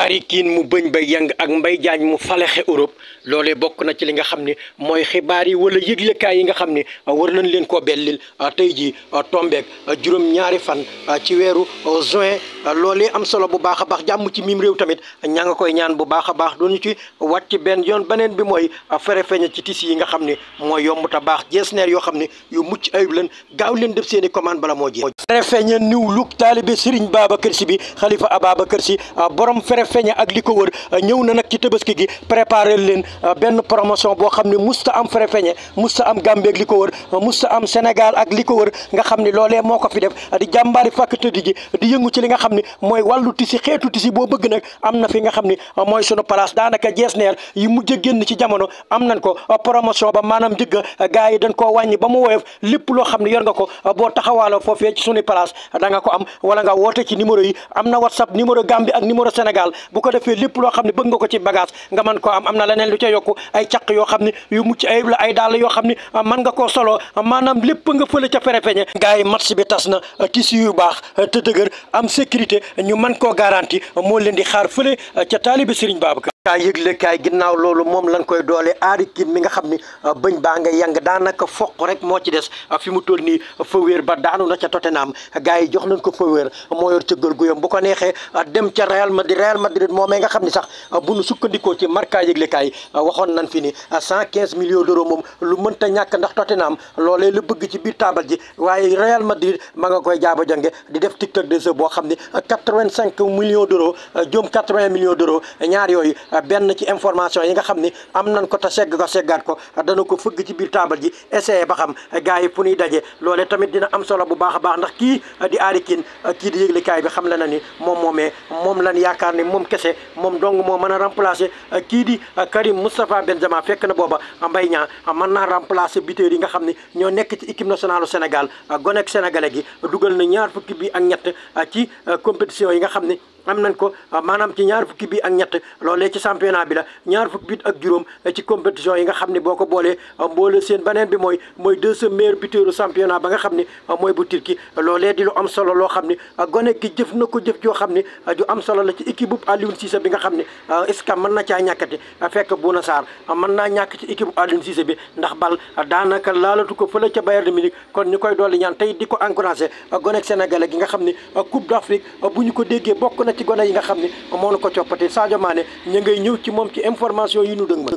ñaari kiin mu bëñ ba yëng ak mbay jaañ mu faleexe Europe loole bokk na ci li nga xam ni mooy xibaar yi wala yëglekaay yi nga xam ni ah, war nañ leen koo bellil ah, tey jii ah, tombeek juróom ñaari fan ci weeru juin loolee am solo bu baax a baax jàmm ci miim réew tamit ñaa nga koy ñaan bu baax a baax doonu ci wat ci benn yoon beneen bi mooy ah, fere feeña ci tissu yi nga xam ne mooy yomb ta baax jeesneer yoo xam ne yu mucc ayib leen gaaw leen def seen i commande bala moo jeex fere feeña niw luk taalibe Serigne Babacar Sy bi xalifa Ababacar Sy ah, borom fere feeña ak li ko wër ah, ñëw na nag ci tabaski gi préparé leen benn promotion boo xam ne musta am fere feeña musta am Gambie ak li ko wër musta am Sénégal ak li ko wër nga xam ne loolee moo ko fi def di xam ni mooy wàllu tisi xeetu tisi boo bëgg nag am na fi nga xam ni mooy sunu place daanaka jees neer yi mujj génn ci jamono am nañ ko promotion ba maanaam njëgg gars yi dañ koo wàññi ba mu woyof lépp loo xam ne yor nga ko boo taxawaala foofee ci sunu place da nga ko am wala nga woote ci numéro yi am na whatsapp numéro Gambie ak numéro Sénégal bu ko defee lépp loo xam ne bëgg nga ko ci bagage nga mën koo am am na leneen lu ca yokku ay caq yoo xam ne yu mucc ayib ay dàll yoo xam ne mën nga koo solo maanaam lépp nga fële ca ferefeñe gars yi match bi tas na tisi yu baax te am sécurité sécurité ñu mën koo garanti moo leen di xaar a ca taalibe Serigne Babacar kaay yëgle kaay ginnaaw loolu moom lañ koy doole aari kiin mi nga xam ni euh, bëñ baa nga yang daanaka foq rek moo ci des euh, fi mu toll nii euh, fawéer ba daanu na ca Tottenham gars yi jox nañ ko fawéer moo yor cëggal guyam bu ko neexee dem ca réal Madrid Real Madrid moomee nga xam ni sax bu nu sukkandikoo ci marka yëgle kaay waxoon nañ fi ni cent quinze millions d'euros moom lu mënta ñàkk ndax Tottenham loolee la bëgg ci biir taabal ji waaye Real Madrid ma nga koy jaaba jange di def tiktok de jeu boo xam ni quatre vingt cinq millions d'euros jom quatre vingt millions d'euros ñaar yooyu benn ci information yi nga xam ni am nañ ko te segg ko seggaat ko dana ko fëgg ci biir taabal ji essayé ba xam gars yi fu ñuy daje loole tamit dina am solo bu baax a baax ndax kii di aari kiin kii di yëglikaay bi xam la na ni moom moomee moom lan yaakaar ni moom kese moom dong moo mën a remplacer kii di Karim Moustapha Benzema fekk na booba Mbaye Niang mën naa remplacer buteur yi nga xam ni ñoo nekk ci équipe nationale Sénégal gonek sénégale gi dugal na ñaar fukki bi ak ñett ci compétition yi xam ne am nañ ko ah, maanaam ci ñaar fukki bi ak ñett loolee ci championnat bi la ñaar fukki bit ak juróom eh, ci compétition yi nga xam ne boo ko boolee ah, mboole seen beneen bi mooy mooy deuxième meilleur buteur championnat ba nga xam ne ah, mooy bu Turquie loolee di lu am solo loo xam ne gone gi jëf na ko jëf joo xam ne ju am solo la ci équipe bu Aliou Cissé bi nga xam ne iska mën na caa ñàkkati fekk Bouna Sarr mën naa ñàkk bi ndax bal daanaka laalatu ko fële ca Bayern Munich kon ñu koy dolli ñaan tey di ko encouragé gone Sénégalais gi nga xam ne Coupe d'Afrique bu na ci gone yi nga xam ne moo nu ko coppatil Sadio Mané ñu ngay ñëw ci moom ci information yi nu dëng ma